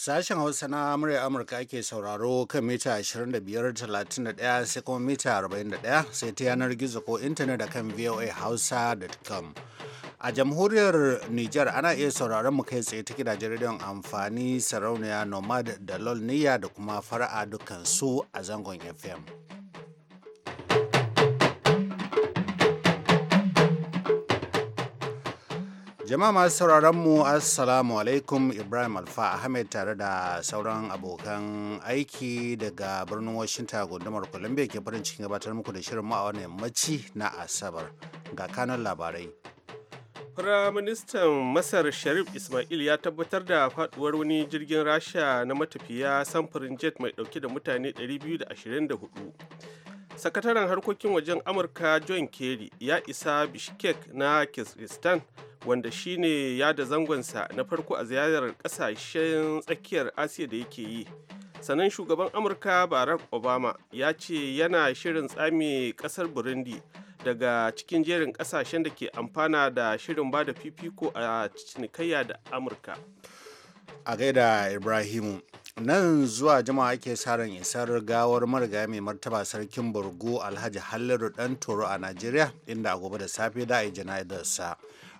Sashen Hausa na murya Amurka ake sauraro kan mita 25.31 sai kuma mita 41 sai ta yanar gizo ko intanet da kan voahausa.com. A jamhuriyar Nijar ana iya sauraron mu kai tsaye ta gidajen rediyon amfani sarauniya Nomad da Lol da kuma fara'a dukkan su a zangon FM. Jama'a masu sauraron mu Assalamu alaikum Ibrahim Alfa Ahmed tare da sauran abokan aiki daga birnin Washington gundumar Columbia ke farin cikin gabatar muku da shirin mu a wannan yammaci na Asabar ga kanan labarai. Firaministan Masar Sharif Ismail ya tabbatar da faduwar wani jirgin Rasha na matafiya samfurin jet mai dauke da mutane 224. sakataren harkokin wajen amurka john kerry ya isa bishkek na kyrgyzstan wanda shine ya da zangonsa na farko a ziyarar kasashen tsakiyar asiya da yake yi sannan shugaban amurka barack obama ya ce yana shirin tsame kasar burundi daga cikin jerin kasashen da ke amfana da shirin ba da fifiko a cinikayya da amurka a gaida ibrahimu nan zuwa jama'a ake sa ran isar gawar marigaya mai martaba sarkin borgo alhaji halliru dan toro a najeriya inda a gobe da safe da a yi jana'idarsa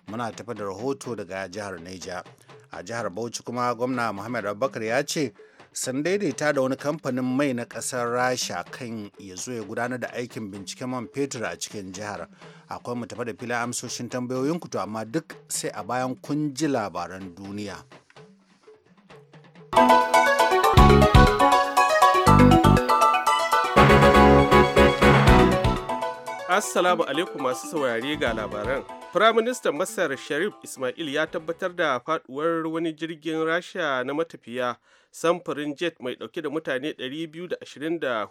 muna tafi da rahoto daga jihar neja a jihar bauchi kuma gwamna muhammad abubakar ya ce sun daidaita da wani kamfanin mai na kasar rasha kan ya zo ya gudanar da aikin binciken man fetur a cikin jihar akwai mu tafi da filin amsoshin tambayoyin to amma duk sai a bayan kun ji labaran duniya. Assalamu alaikum masu saurari ga labaran. Firaministan Masar Sharif Ismail ya tabbatar da faduwar wani jirgin Rasha na matafiya samfurin jet mai dauke da mutane 224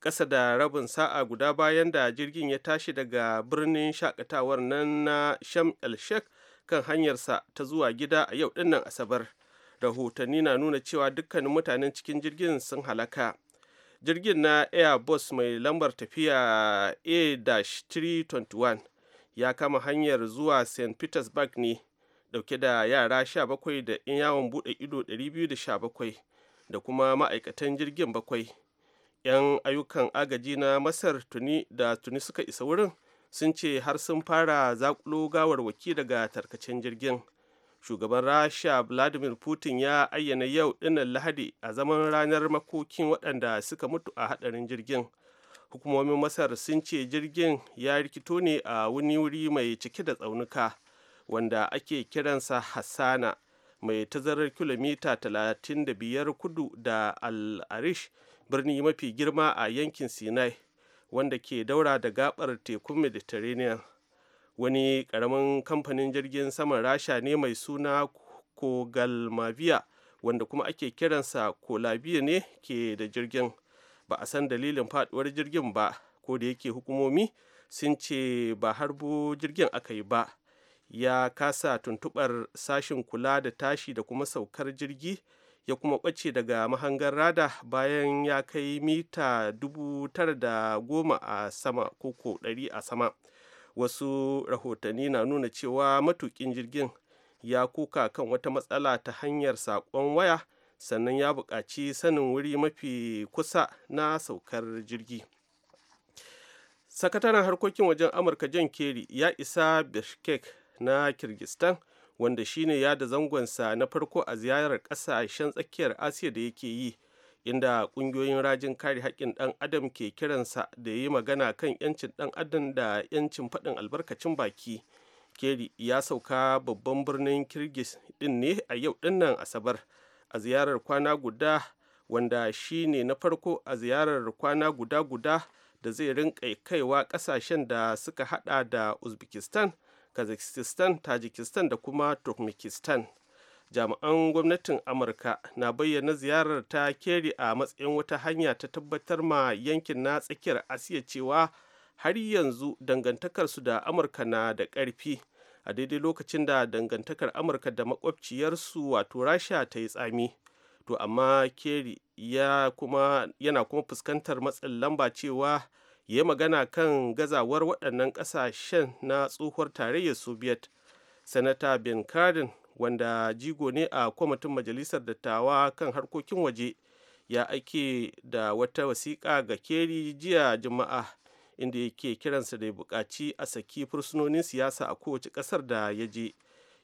ƙasa da rabin sa'a guda bayan da jirgin ya tashi daga birnin shakatawar nan na Sham el Sheikh kan hanyarsa ta zuwa gida a yau dinnan Asabar. Rahotanni na nuna cewa dukkanin mutanen cikin jirgin sun halaka. jirgin na airbus mai lambar tafiya a-321 ya kama hanyar zuwa st petersburg ne dauke da yara 17 da 'yan yawon bude ido 217 da kuma ma'aikatan jirgin bakwai 'yan ayyukan agaji na masar tuni da tuni suka isa wurin sun ce har sun fara zakulo gawarwaki daga tarkacen jirgin shugaban rasha vladimir putin ya ayyana yau dinnan lahadi a zaman ranar makokin waɗanda suka mutu a haɗarin jirgin hukumomin masar sun ce jirgin ya rikito ne a wani wuri mai cike da tsaunuka wanda ake kiransa hassana mai tazarar kilomita 35 kudu da al-arish birni mafi girma a yankin sinai wanda ke daura da gabar tekun mediterranean wani karamin kamfanin jirgin saman rasha ne mai suna kogalmaviya wanda kuma ake kiransa kolabiya ne ke da jirgin ba a san dalilin faduwar jirgin ba ko da yake hukumomi sun ce ba harbo jirgin aka yi ba ya kasa tuntubar sashin kula da tashi da kuma saukar jirgi ya kuma ɓace daga mahangar rada bayan ya kai mita dubu a sama ko 100 a sama wasu rahotanni na nuna cewa matukin jirgin ya kuka kan wata matsala ta hanyar saƙon waya sannan ya buƙaci sanin wuri mafi kusa na saukar jirgi sakataren harkokin wajen amurka john kerry ya isa bishkek na kirgistan wanda shine ya da zangonsa na farko a ziyarar ƙasashen tsakiyar asiya da yake yi inda kungiyoyin rajin kare haƙƙin ɗan adam ke kiransa da yi magana kan 'yancin ɗan adam da 'yancin faɗin albarkacin baki keri ya sauka babban birnin kirgis ɗin ne a yau ɗinnan asabar a ziyarar kwana guda wanda shi ne na farko a ziyarar kwana guda-guda da zai rinka kaiwa ƙasashen da suka hada da uzbekistan kazakhstan tajikistan da kuma turkmenistan jami'an gwamnatin amurka na bayyana ziyarar ta keri a matsayin wata hanya ta tabbatar ma yankin na tsakiyar asiya cewa har yanzu dangantakarsu da amurka na da ƙarfi a daidai lokacin da dangantakar amurka da makwabciyarsu wato rasha ta yi tsami to amma keri yana kuma fuskantar matsin lamba cewa ya yi magana kan gazawar waɗannan ƙasashen na tsohuwar tarayyar soviet sanata ben cardin wanda jigo ne a kwamitin majalisar dattawa kan harkokin waje ya ake da wata wasiƙa ga keri jiya juma'a inda yake kiransa da ya buƙaci a saki fursunonin siyasa a kowace ƙasar da ya je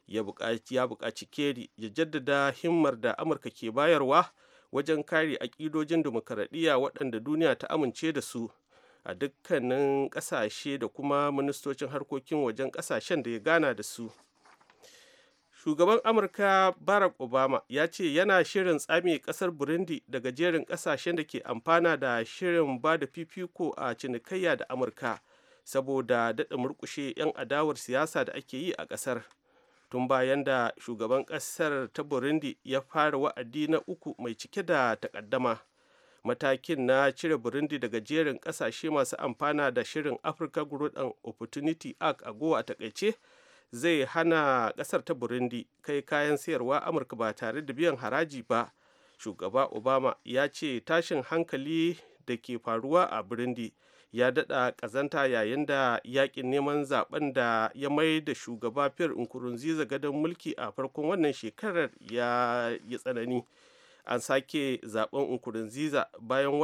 ya buƙaci keri ya jaddada himmar da amurka ke bayarwa wajen kare aƙidojin dimokuraɗiyya waɗanda duniya ta amince da su a dukkanin ƙasashe da kuma ministocin harkokin wajen ƙasashen da ya gana da su shugaban amurka barack obama ya ce yana shirin tsame kasar burundi daga jerin kasashen da ke amfana da shirin ba da fifiko a cinikayya da amurka saboda daɗa murkushe 'yan adawar siyasa da ake yi a ƙasar tun bayan da shugaban ƙasar ta burundi ya fara wa'adi na uku mai cike da takaddama matakin na cire burundi daga jerin ƙasashe masu amfana da shirin africa growth and opportunity act a gowa a takaice zai hana ƙasar ta burundi kai kayan sayarwa amurka ba tare da biyan haraji ba shugaba obama ya ce tashin hankali da ke faruwa a burundi ya daɗa ƙazanta yayin da yakin neman zaben da ya mai da shugaba fir nkurunziza gadon mulki a farkon wannan shekarar ya yi tsanani an sake zaben nkurunziza bayan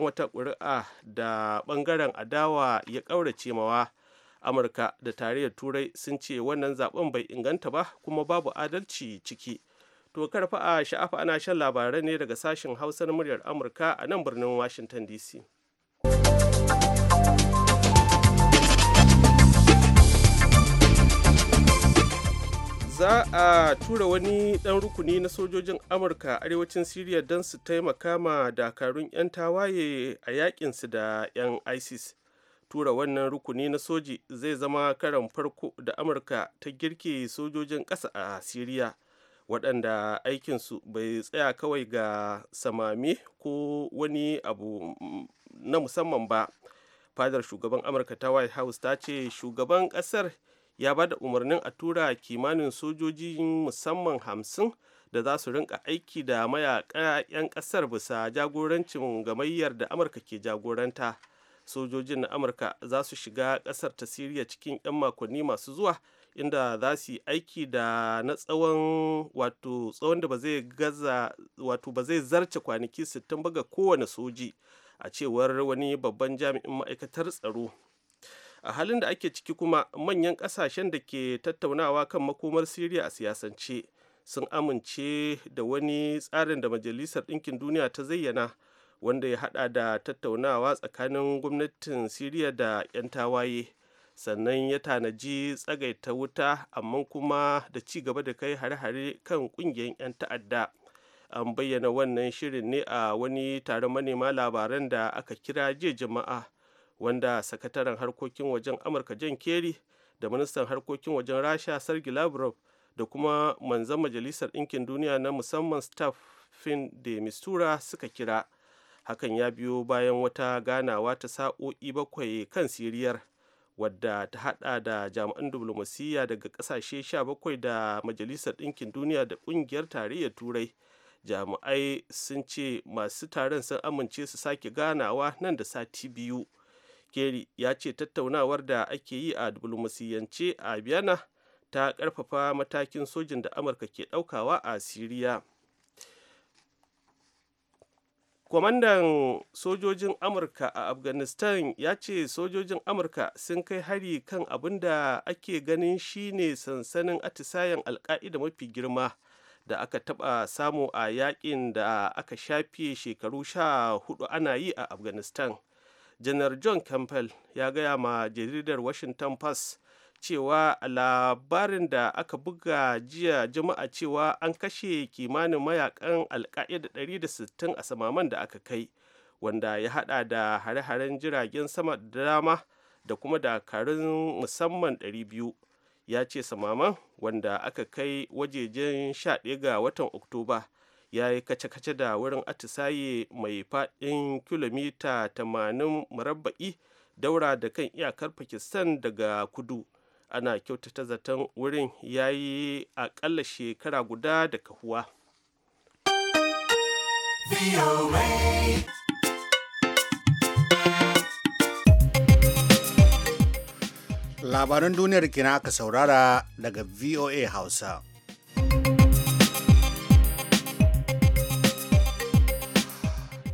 wata ƙuri'a da ɓangaren adawa ya ƙaurace mawa amurka da tarayyar turai sun ce wannan zaben bai inganta ba kuma babu adalci ciki to karfa a sha'afa ana shan labarai ne daga sashen hausa na muryar amurka a nan birnin washington dc za a tura wani ɗan rukuni na sojojin amurka arewacin siriya don su taimaka ma dakarun 'yan tawaye a yakinsu da 'yan isis tura wannan rukuni na soji zai zama karan farko da amurka ta girke sojojin ƙasa a siriya waɗanda aikinsu bai tsaya kawai ga samame ko wani abu na musamman ba fadar shugaban amurka ta white house ta ce shugaban ƙasar ya ba da umarnin a tura kimanin sojojin musamman hamsin da za su rinka aiki da mayaƙa 'yan ƙasar bisa jagorancin gamayyar da amurka ke jagoranta sojojin na amurka za su shiga kasar ta siriya cikin 'yan makonni masu zuwa inda za su yi aiki da na tsawon wato tsawon da ba zai gaza wato ba zai zarce kwanaki 60 ba ga kowane soji a cewar wani babban jami'in ma'aikatar tsaro a halin da ake ciki kuma manyan kasashen da ke tattaunawa kan makomar siriya a siyasance sun amince da wani tsarin da majalisar ɗinkin duniya ta zayyana wanda ya hada da tattaunawa tsakanin gwamnatin siriya da 'yan tawaye sannan ya tanaji tsagaita wuta amma kuma da ci gaba da kai hare-hare kan kungiyar 'yan ta'adda an bayyana wannan shirin ne a wani taron manema labaran da aka kira jiya jama'a wanda sakataren harkokin wajen amurka jan keri da ministan harkokin wajen rasha sergei lavrov da kuma manzan majalisar ɗinkin duniya na musamman staff fin de mistura suka kira hakan ya biyo bayan wata ganawa ta sa'o'i bakwai kan siriyar wadda ta hada da jami'an diflomasiyya daga kasashe bakwai da majalisar ɗinkin duniya da ƙungiyar tarayyar turai jami'ai sun ce masu taron sun amince su sake ganawa nan da sati biyu keri ya ce tattaunawar da ake yi a diflomasiyyance a biyana ta ƙarfafa matakin sojin da amurka ke ɗaukawa a siriya kwamandan sojojin amurka a afghanistan ya ce sojojin amurka sun kai hari kan abin da ake ganin shine sansanin atisayen alka'ida mafi girma da aka taba samu a yakin da aka shafe shekaru sha hudu ana yi a afghanistan janar john campbell ya gaya ma jaridar washington post cewa labarin da aka buga jiya jama'a cewa an kashe kimanin mayakan alka'ida 160 a samaman da aka kai wanda ya hada da hare-haren jiragen sama da dama da kuma dakarun musamman 200 ya ce samaman wanda aka kai wajejen 11 ga watan oktoba ya yi kace-kace da wurin atisaye mai faɗin kilomita 80 murabba'i daura da kan iyakar pakistan daga kudu ana kyautata zaton wurin ya yi aƙalla shekara guda da kahuwa labaran duniyar kina aka saurara daga voa hausa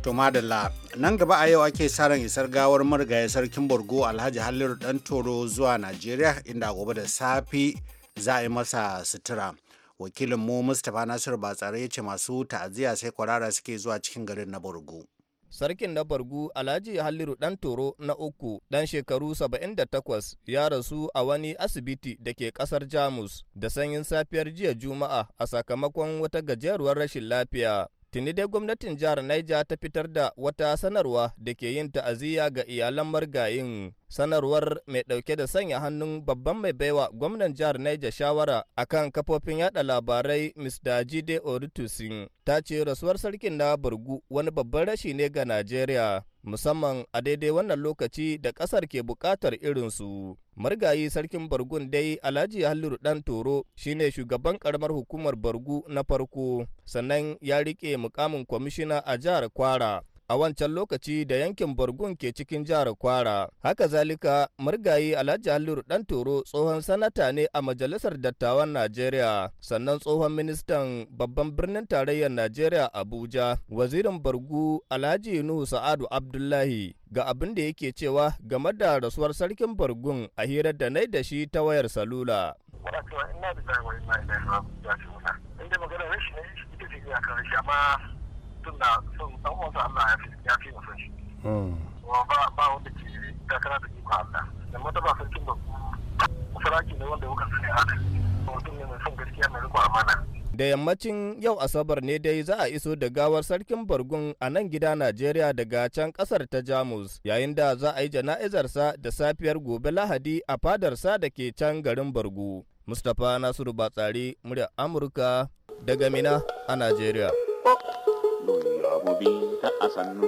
to madalla nan gaba a yau ake sa isar gawar marigayi sarkin borgo alhaji halliru dan toro zuwa najeriya inda gobe da safi za a yi masa sutura wakilin mu mustapha nasiru batsare ya ce masu ta'aziyya sai kwarara suke zuwa cikin garin na borgo sarkin na bargu alhaji halliru dan toro na uku dan shekaru 78 ya rasu a wani asibiti da ke kasar jamus da sanyin safiyar jiya juma'a a sakamakon wata gajeruwar rashin lafiya Tuni dai gwamnatin jihar Niger ta fitar da wata sanarwa da ke yin ta'aziyya ga iyalan margayin sanarwar mai ɗauke da sanya hannun babban mai baiwa gwamnan jihar Niger shawara akan kafofin yada labarai Ms. Dajide Oritusin ta ce rasuwar sarkin na Burgu wani babban rashi ne ga Najeriya musamman a daidai wannan lokaci da ƙasar ke buƙatar su Margayi sarkin Bargun dai Alhaji Halliru Dan Toro shine shugaban karamar hukumar Bargu na farko sannan ya riƙe mukamin kwamishina a jihar Kwara. a wancan lokaci da yankin Borgun ke cikin jihar Kwara. Haka zalika murgayi Alhaji Halliru Dan Toro tsohon sanata ne a Majalisar Dattawan Najeriya, sannan tsohon ministan babban birnin tarayyar Najeriya Abuja, wazirin Borgu Alhaji Nuhu Sa'adu Abdullahi. Ga abin da yake cewa game da rasuwar sarkin Borgun a hirar da nai da shi ta wayar salula. ina da magana ita ce iyakar shi amma da da yammacin yau asabar ne dai za a iso da gawar sarkin bargun a nan gida najeriya daga can kasar ta jamus yayin da za a yi jana'izarsa da safiyar gobe lahadi a fadarsa da ke can garin bargu mustapha nasiru batsari murya amurka daga mina a najeriya duniya mu ta a sannu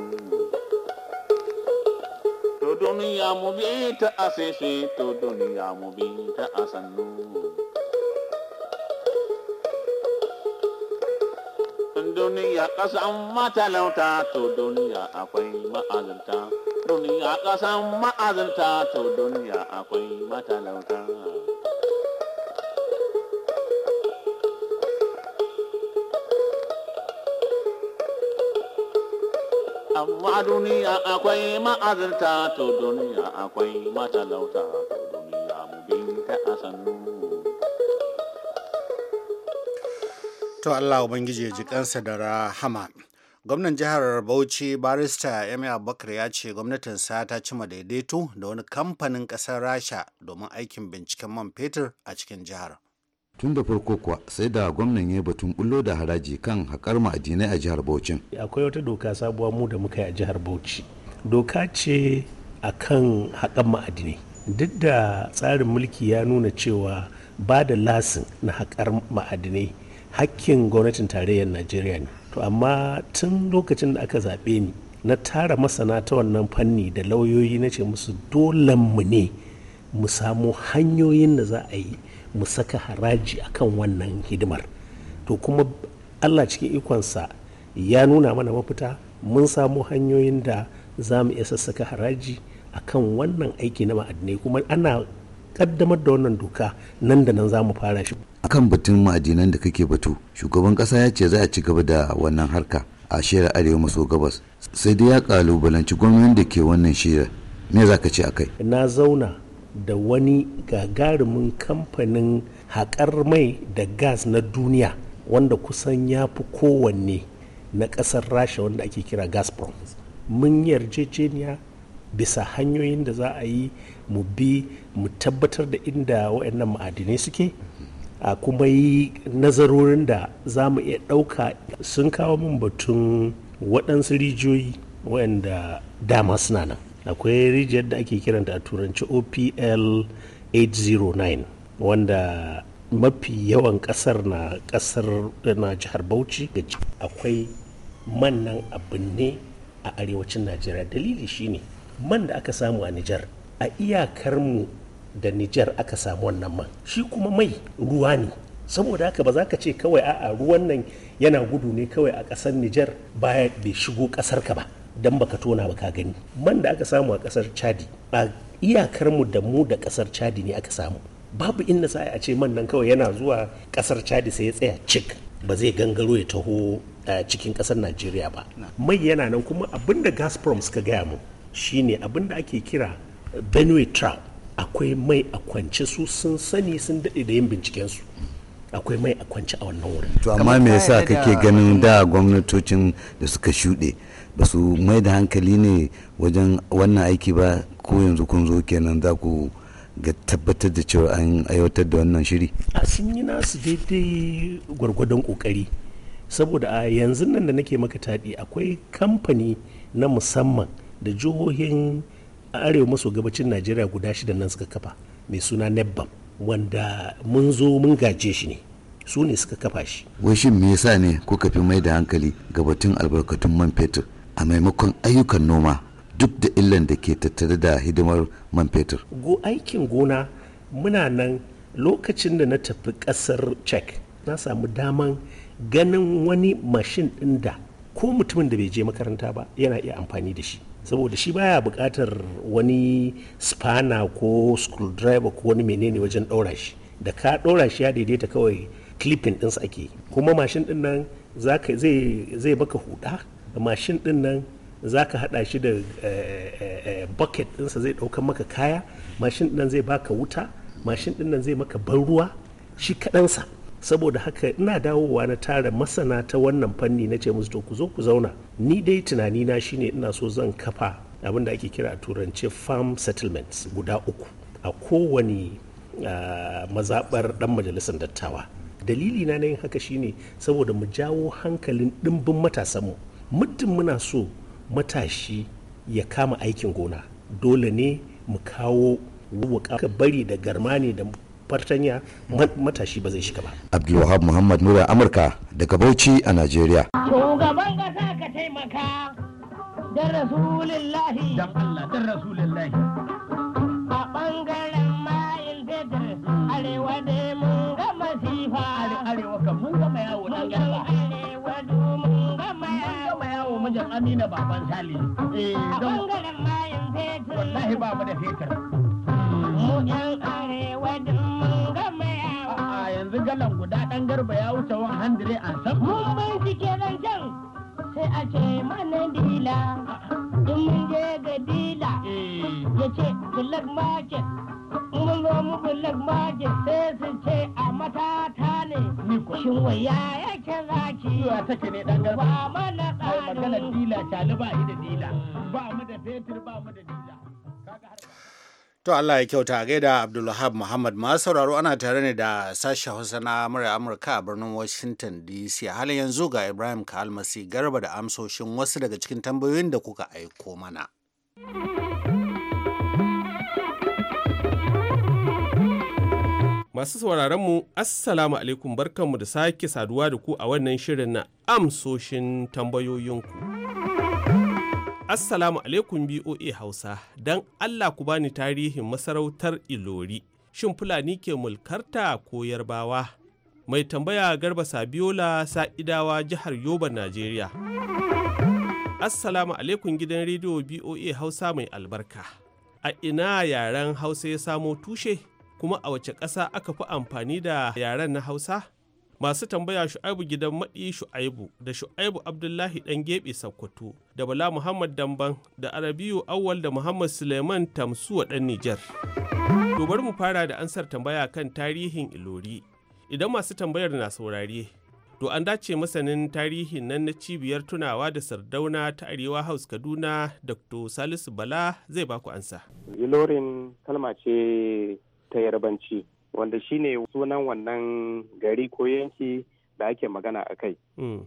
to duniya mu bi ta a seshe to duniya mu bi ta a sannu duniya ƙasan matalauta to duniya akwai ma'azinta duniya ƙasan ma'azinta to duniya akwai matalauta amma a duniya akwai ma'azarta to duniya akwai matalauta to duniya mu binta a sannu to Allah ubangiji ya ji kansa da rahama gwamnan jihar bauchi barista yami abubakar ya ce gwamnatinsa ta cima daidaito da wani kamfanin ƙasar rasha domin aikin binciken man fetur a cikin jihar tun da farko kuwa sai da gwamnan ya batun bullo da haraji kan haƙar ma'adinai a jihar bauchi akwai wata doka sabuwa mu da muka yi a jihar bauchi doka ce a kan haƙar ma'adinai duk da tsarin mulki ya nuna cewa ba da lasin na haƙar ma'adinai hakkin gwamnatin tarayyar najeriya ne to amma tun lokacin da aka zaɓe ni na tara masana ta wannan fanni da lauyoyi na ce musu dolen mu ne mu samu hanyoyin da za a yi mu saka haraji akan wannan hidimar to kuma allah cikin ikonsa ya nuna mana mafita mun samu hanyoyin da za mu iya sassaka haraji akan wannan aiki na ma'adinai kuma ana kaddamar da wannan doka nan da nan za mu fara shi akan batun ma'adinan da kake batu shugaban kasa ya ce za a ci gaba da wannan harka a shirar arewa maso gabas sai dai ya kalubalanci gwamnan da ke wannan shirar me za ka ce kai. na zauna da wani gagarumin kamfanin haƙar mai da gas na duniya wanda kusan ya fi kowanne na ƙasar rasha wanda ake kira gazprom mun yarjejeniya bisa hanyoyin da za a yi mu bi mu tabbatar da inda waɗannan ma'adinai suke a kuma yi nazarorin da za mu iya ɗauka sun kawo min batun waɗansu rijiyoyi waɗanda dama suna nan akwai rijiyar da ake kiranta a turanci opl 809 wanda mafi yawan kasar na kasar na jihar bauchi akwai man nan abin ne a arewacin najeriya dalili shine man da aka samu a nijar a iyakar mu da nijar aka samu wannan man shi kuma mai ruwa ne saboda haka ba za ka ce kawai a'a ruwan nan yana gudu ne kawai a ƙasar nijar baya bai shigo ƙasar ka ba dan baka tona baka gani man da aka samu a kasar chadi a iyakar mu da mu da kasar chadi ne aka samu babu inda sai a ce man nan kawai yana zuwa kasar chadi sai ya tsaya cik ba zai gangaro ya taho cikin kasar najeriya ba mai yana nan kuma abinda gazprom suka gaya mu shine abinda ake kira benue trap akwai mai a kwance su sun sani sun daɗe da yin binciken su akwai mai a kwanci a wannan wurin to amma me yasa kake ganin da gwamnatocin da suka shuɗe ba su mai da hankali ne wajen wannan aiki ba ko yanzu kun zo kenan za ku ga tabbatar da cewa an aiwatar da wannan shiri a sun yi nasu daidai gwargwadon kokari saboda a yanzu nan da nake maka taɗi akwai kamfani na musamman da jihohin arewa maso gabacin najeriya guda shida nan suka kafa mai suna nebbam wanda mun zo mun gaje shi ne su ne suka kafa shi wai shin me yasa ne kuka fi mai da hankali ga batun albarkatun man fetur a maimakon ayyukan noma duk da illan da ke tattare da hidimar man fetur go aikin gona muna nan lokacin da na tafi kasar czech na samu daman ganin wani mashin ɗin da ko mutumin da bai je makaranta ba yana iya amfani da shi saboda shi baya buƙatar wani spana ko screwdriver ko wani menene wajen ɗora shi da ka ɗora shi ya daidaita kawai clipping ɗinsa ake kuma mashin ɗin nan zai baka huda mashin ɗin nan za ka haɗa shi da eh, eh, eh, bucket ɗinsa zai ɗaukar maka kaya mashin ɗin nan zai baka wuta mashin ɗin nan zai maka ban ruwa shi kaɗansa saboda haka ina dawowa na tara masana ta wannan fanni na ce musu to ku zo ku zauna ni dai tunani na shine ina so zan kafa abin da ake kira a turance farm settlements guda uku a kowane uh, ah, mazabar dan majalisar dattawa dalili na yin haka shine saboda mu jawo hankalin dimbin matasanmu muddin muna so matashi ya kama aikin gona dole ne mu kawo wuka bari da garma ne da fartanya matashi ba zai shiga ba abdulwahab muhammad nura amurka daga bauchi a najeriya shugaban kasa ka taimaka da Rasulullahi. dan allah dan Rasulullahi. a bangaren mayil fetur arewa da mun ga masifa arewa kan mun ga mayawo dan gaba. arewa mun ga mayawo mun amina baban sali eh a bangaren mayin fetur wallahi ba mu da fetur yan arewa yanzu galan guda ɗan garba ya wuce 100 an san. Mun bincike nan can sai a ce mana dila. mun je ga dila eh. ya ce market. Mun zo mu sai su ce a matata ne. Shin waya yake Ba mana ba mu da fetur ba mu da dila. To Allah ya kyauta gaida Abdulwahab Muhammad masu sauraro ana tare ne da sashen Hausa na murya Amurka a birnin Washington DC. Halin yanzu ga Ibrahim Kalmasi garba da amsoshin wasu daga cikin tambayoyin da kuka aiko mana. Masu sauraronmu, Assalamu alaikum barkanmu da sake saduwa da ku a wannan shirin na amsoshin tambayoyinku. Assalamu alaikum BOA Hausa, don Allah ku bani tarihin masarautar Ilori, shin Fulani ke mulkarta ko Yarbawa? Mai tambaya Garba Sabiola Sa'idawa jihar Yoba, Najeriya. Assalamu alaikum gidan rediyo BOA Hausa mai albarka. A ina yaren Hausa ya samo tushe, kuma a wace ƙasa aka fi amfani da yaren na Hausa? masu tambaya shu'aibu gidan maɗi shu'aibu da shu'aibu abdullahi ɗan gebe sakkwato da bala muhammad damban da arabiyu awwal da muhammad suleiman tamsuwa ɗan nijar to mu fara da ansar tambaya kan tarihin ilori idan masu tambayar na saurare to an dace masanin tarihin nan na cibiyar tunawa da sardauna ta arewa house kaduna dr salisu bala zai baku ansa ilorin kalma ce ta yarbanci wanda shine sunan wannan gari ko yanki da ake magana a kai. Hmm.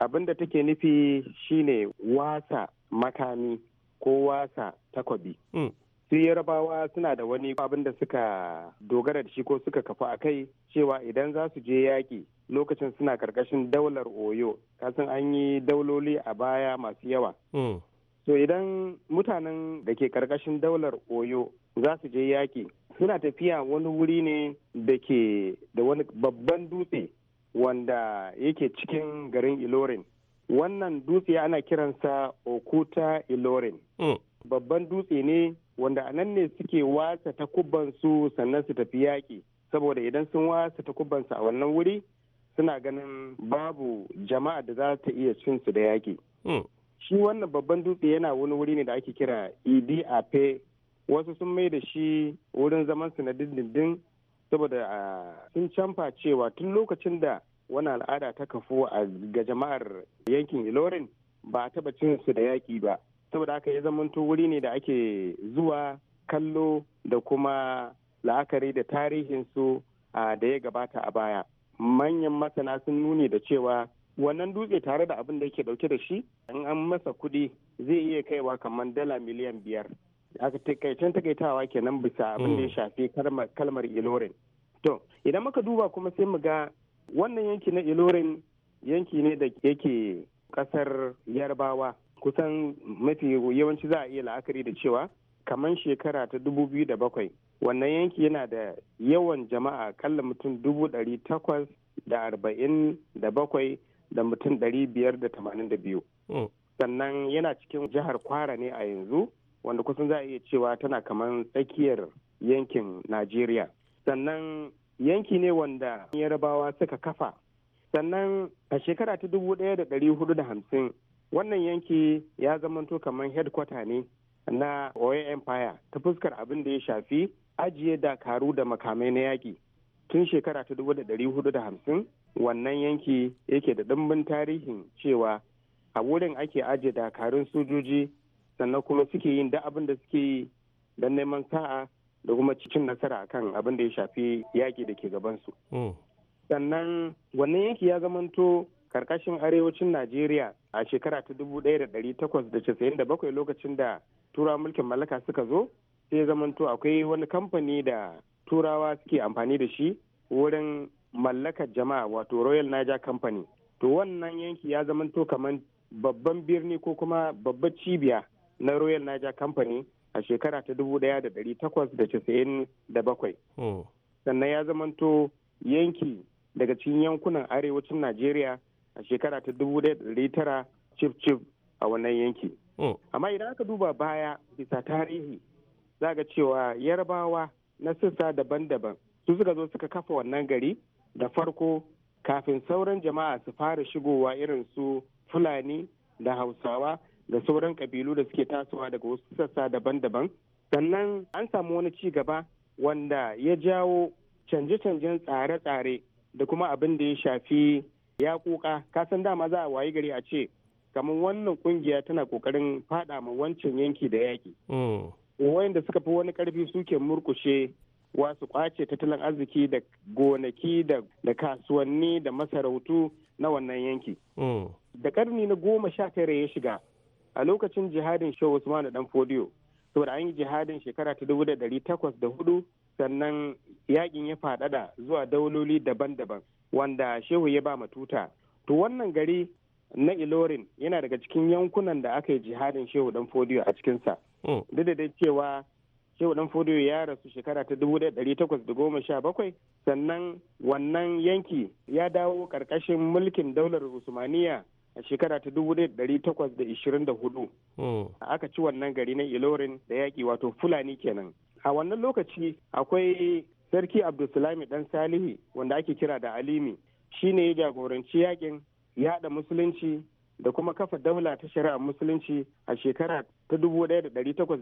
Abin da take nufi shine wasa makami ko wasa takobi. Hmm. Su yarabawa suna da wani abin da suka dogara da shi ko suka kafa a kai cewa idan za su je yaƙi lokacin suna karkashin daular oyo kasan an yi dauloli a baya masu yawa. So hmm. idan mutanen da ke karkashin daular oyo za su je yaƙi suna tafiya wani wuri ne da ke da wani babban dutse wanda yake cikin garin ilorin wannan dutse ana kiransa okuta ilorin mm. babban dutse ne wanda anan ne suke wasa ta su sannan su tafi yaƙi saboda idan sun wasa ta takubansu a wannan wuri suna ganin babu jama'a da za ta iya cin da yaƙi mm. shi wannan babban dutse yana wani wuri ne da ake kira idi ape wasu sun mai da shi wurin zaman su na dindindin saboda sun canfa cewa tun lokacin da wani al'ada ta kafu a ga jama'ar yankin ilorin ba a taba cin su da yaƙi ba saboda aka ya zamanto wuri ne da ake zuwa kallo da kuma la'akari da tarihinsu da ya gabata a baya manyan masana sun nuni da cewa wannan dutse tare da abin da yake dauke da shi in an masa kuɗi zai iya kaiwa kamar dala miliyan biyar aka takaicen takaitawa kenan bisa abin da ya mm. shafi kalmar ilorin to idan muka duba kuma sai mu ga wannan yanki na ilorin yanki ne da yake kasar yarbawa kusan mafi yawanci za a iya la'akari da cewa kamar shekara ta dubu biyu da bakwai wannan yanki yana da yawan jama'a kalla mutum dubu dari takwas da arba'in da bakwai da mutum dari biyar da tamanin da biyu mm. sannan yana cikin jihar kwara ne a yanzu wanda kusan za a iya cewa tana kamar tsakiyar yankin najeriya sannan yanki ne wanda yarabawa suka kafa sannan a shekara ta dubu ɗaya da ɗari hudu da hamsin wannan yanki ya zamanto kamar headquarter ne na oyo empire ta fuskar abin da ya shafi ajiye dakaru da makamai na yaƙi tun shekara ta dubu da ɗari hudu da hamsin wannan yanki yake da ɗimbin tarihin cewa a wurin ake ajiye dakarun sojoji sannan kuma suke yin da abin da suke yi don neman sa'a da kuma cikin nasara kan abin da ya shafi yaƙi da ke gabansu. Hmm. Sannan wannan yanki ya zamanto karkashin arewacin Najeriya a shekara ta dubu da da takwas casa'in bakwai lokacin da turawa mulkin mallaka suka zo sai ya zamanto akwai wani kamfani da turawa suke amfani da shi wurin mallakar jama'a wato Royal Niger Company. To wannan yanki ya zamanto kamar babban birni ko kuma babbar cibiya na royal niger company a shekara ta dubu daya da da bakwai. Oh. sannan ya zamanto yanki daga cikin yankunan arewacin najeriya a shekara ta tara cif cif a wannan yanki oh. amma idan aka duba baya bisa tarihi za ga cewa yarbawa na sassa daban-daban su suka zo suka kafa wannan gari da farko kafin sauran jama'a su fara shigowa irin su fulani da hausawa da sauran kabilu da suke tasowa daga wasu sassa daban-daban sannan an samu wani ci gaba wanda ya jawo canje-canjen tsare-tsare da kuma abin da ya shafi ya kuka kasan dama za a wayi gari a ce kamar wannan kungiya tana kokarin fada ma wancan yanki da yaki mm. wayanda suka fi wani karfi suke murkushe wasu kwace tattalin arziki da gonaki da kasuwanni da masarautu na wannan yanki mm. da karni na goma sha tara ya shiga a lokacin jihadin shehu usman dan fodiyo saboda an yi jihadin shekara ta dubu da dari takwas da hudu sannan yakin ya faɗaɗa zuwa dauloli daban-daban wanda shehu ya ba tuta to wannan gari na ilorin yana daga cikin yankunan da aka yi jihadin shehu dan fodiyo a cikinsa hmm. duk da cewa shehu dan fodiyo ya rasu shekara ta dubu da dari takwas da goma sha bakwai sannan wannan yanki ya dawo karkashin mulkin daular usmaniya a shekara ta dubu ɗari takwas da ishirin da hudu hmm. aka ci wannan gari na ilorin da yaƙi wato fulani kenan a wannan lokaci akwai sarki abdulsalami dan salihi wanda ake kira da alimi shine ya jagoranci yaƙin yaɗa musulunci da kuma kafa daula ta shari'ar musulunci a shekara ta dubu ɗaya da ɗari takwas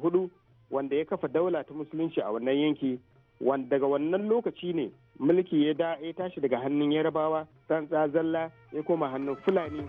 hudu wanda ya kafa daula ta musulunci a wannan yanki daga wannan lokaci ne mulki ya da ya tashi daga hannun yarabawa san zalla ya koma hannun fulani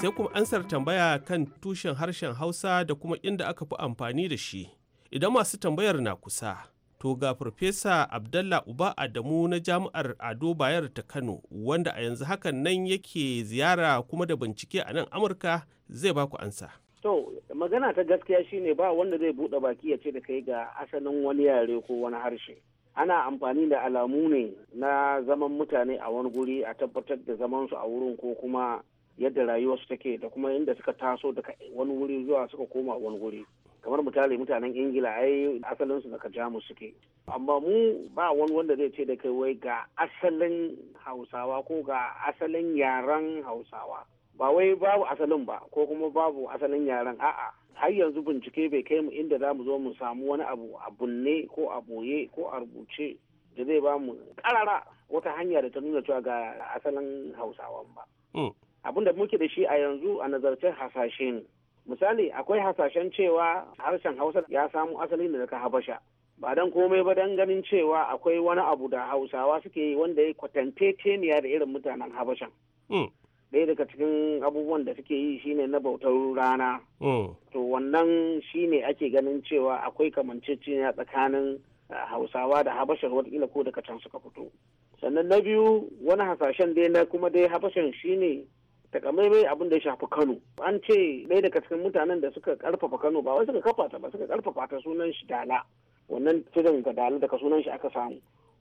sai kuma ansar tambaya kan tushen harshen hausa da kuma inda aka fi amfani da shi idan masu tambayar na kusa to ga farfesa abdalla uba adamu na jami'ar ado bayar ta kano wanda a yanzu hakan nan yake ziyara kuma da bincike a nan amurka zai baku ansa To magana ta gaskiya shine ba wanda zai buɗe baki ya ce da kai ga asalin wani yare ko wani harshe. Ana amfani da alamu ne na zaman mutane a wani guri a tabbatar da zamansu a wurin ko kuma yadda rayuwarsu take da kuma inda suka taso daga wani wuri zuwa suka koma wani wuri. kamar misali mutanen ingila ai asalinsu daga jamus suke amma mu ba wani wanda zai ce da kai wai ga asalin hausawa ko ga asalin yaren hausawa ba wai babu asalin ba ko kuma babu asalin yaren a'a har yanzu bincike bai kai mu inda za mu zo mu samu wani abu a bunne ko a boye ko a rubuce da zai ba mu karara wata hanya da ta nuna cewa ga asalin hausawan ba hmm. abin da muke da shi a yanzu a nazarcen hasashe ne misali akwai hasashen cewa harshen hausa ya samu asali ne daga habasha ba dan komai ba dan ganin cewa akwai wani abu da hausawa suke yi wanda ya kwatanteceniya da irin mutanen habashan hmm. ɗaya daga cikin abubuwan da suke yi shine na bautar rana hmm. to wannan shine ake ganin cewa akwai kamanceceniya tsakanin eh, hausawa da habashar watakila ko daga can suka fito sannan na biyu wani hasashen dai na kuma dai habashar shine takamaimai abin da ya shafi kano an ce ɗaya daga cikin mutanen da suka karfafa kano ba wai suka kafa ta ba suka karfafa ta sunan shi dala wannan tudun ga dala daga sunan shi aka samu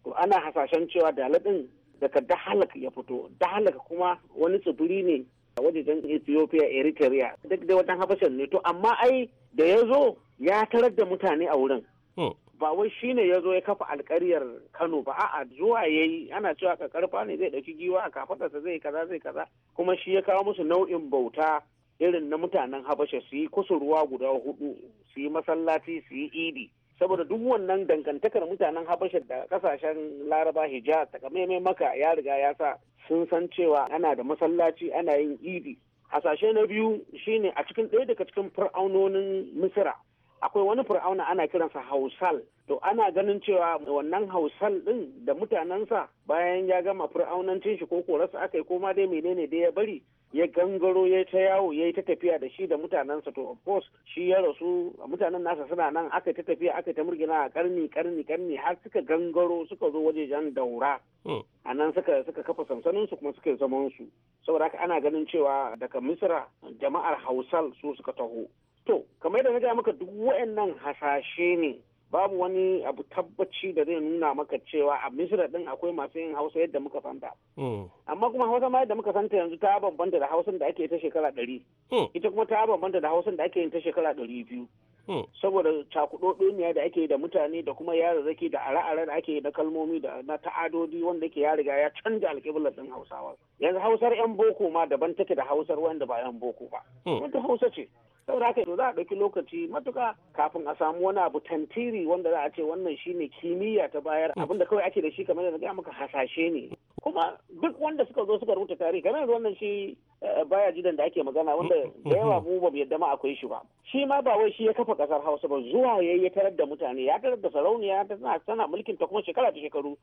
to ana hasashen cewa dala din daga dahalak ya fito dahalak kuma wani tsibiri ne a wajejen ethiopia eritrea duk dai wajen habashin ne to amma ai da ya zo ya tarar da mutane a wurin oh. ba wai shine ya zo ya kafa alkaryar kano ba a'a zuwa ya yi ana cewa karfa ne zai ɗauki giwa a kafaɗarsa zai kaza zai kaza kuma shi ya kawo musu nau'in bauta irin na mutanen habasha su yi kusurwa guda hudu su yi masallaci su yi idi saboda duk wannan dangantakar mutanen habasha da kasashen laraba hijaz takamaimai maka ya riga ya sa sun san cewa ana da masallaci ana yin idi hasashe na biyu shine a cikin ɗaya daga cikin fir'aunonin misira akwai wani fir'auna ana kiransa hausal to ana ganin cewa wannan hausal din da mutanensa bayan ya gama fir'aunancin shi ko korarsa aka yi koma dai menene dai ya bari ya gangaro ya ta yawo ya yi ta tafiya da shi da mutanensa to of course shi ya rasu mutanen nasa suna nan aka ta tafiya aka ta murgina a karni karni karni har suka gangaro suka zo wajejen daura hmm. a nan suka suka kafa sansaninsu kuma suka zaman su saboda haka ana ganin cewa daga misira jama'ar hausal su suka taho to kamar yadda na gaya maka duk wayannan hasashe ne babu wani abu tabbaci da zai nuna maka cewa a misira din akwai masu yin hausa yadda muka santa hmm. amma kuma hausa ma yadda muka santa yanzu ta bambanta da hausan da ake ta shekara ɗari hmm. ita kuma ta bambanta da hausan da ake yin ta shekara ɗari biyu hmm. saboda cakuɗoɗiniya da ake da mutane da kuma yara zaki da are-are da ake da kalmomi da na ta'adodi wanda yake ya riga ya canja alƙiblar ɗin hausawa yanzu hausar yan boko ma daban take da hausar wanda ba yan boko ba wanda hausa ce saboda haka to za a ɗauki lokaci matuka kafin a samu wani abu tantiri wanda za a ce wannan shine kimiyya ta bayar mm. abinda kawai ake da shi kamar da gaya maka hasashe ne kuma duk wanda suka zo suka rubuta tarihi kamar yanzu wannan shi Eh, baya jidan da ake magana wanda mm, mm, da yawa mm. mu ba yadda ma akwai shi ba shi ma ba wai shi ya kafa kasar hausa ba zuwa ya tarar da mutane ya tarar da sarauniya tana tana mulkin ta kuma shekara ta shekaru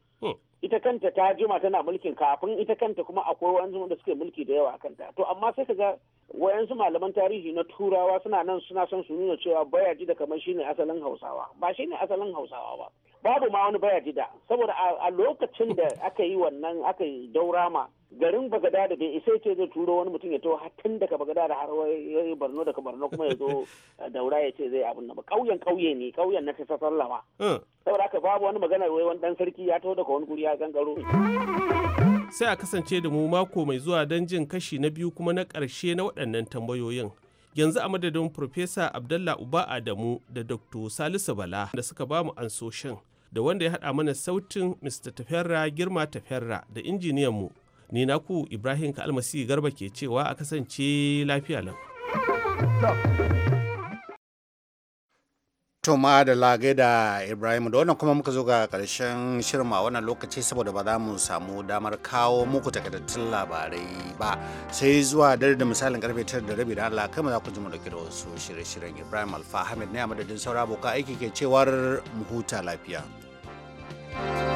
ita kanta ta jima tana mulkin kafin ita kanta kuma akwai wanzu da suke mulki da yawa kanta to amma sai kaga ga wayansu malaman tarihi na turawa suna nan suna son su nuna cewa bayaji da kamar shine asalin hausawa ba shine asalin hausawa ba babu ma wani bayaji da saboda a lokacin da aka yi wannan aka yi daurama garin bagada da bai isa ce zai turo wani mutum ya taho tun daga bagada da har ya barno daga barno kuma ya zo eh, daura ya ce zai abin nan ba kauyen kauye ne kauyen na ta sallama hmm. saboda haka babu wani maganar wai wani dan sarki ya to daga wani guri ya gangaro sai a kasance da mu mako mai zuwa don jin kashi na biyu kuma na ƙarshe na waɗannan tambayoyin yanzu a madadin Profesa Abdallah Uba Adamu da Dr. Salisu Bala da suka ba mu ansoshin da wanda ya haɗa mana sautin Mr. tafiyarra Girma tafiyarra da injiniyanmu ni naku ibrahim kalmasi garba ke cewa a kasance lafiya lau tuma da lagai da ibrahim da wannan kuma muka zo ga karshen shirin a wannan lokaci saboda ba za mu samu damar kawo muku takardattun labarai ba sai zuwa dare da misalin karfe tara da rabi da allah kai za ku ji mu dauke da wasu shirye-shiryen ibrahim alfa hamid ne a madadin saura abokan aiki ke cewar mu huta lafiya thank you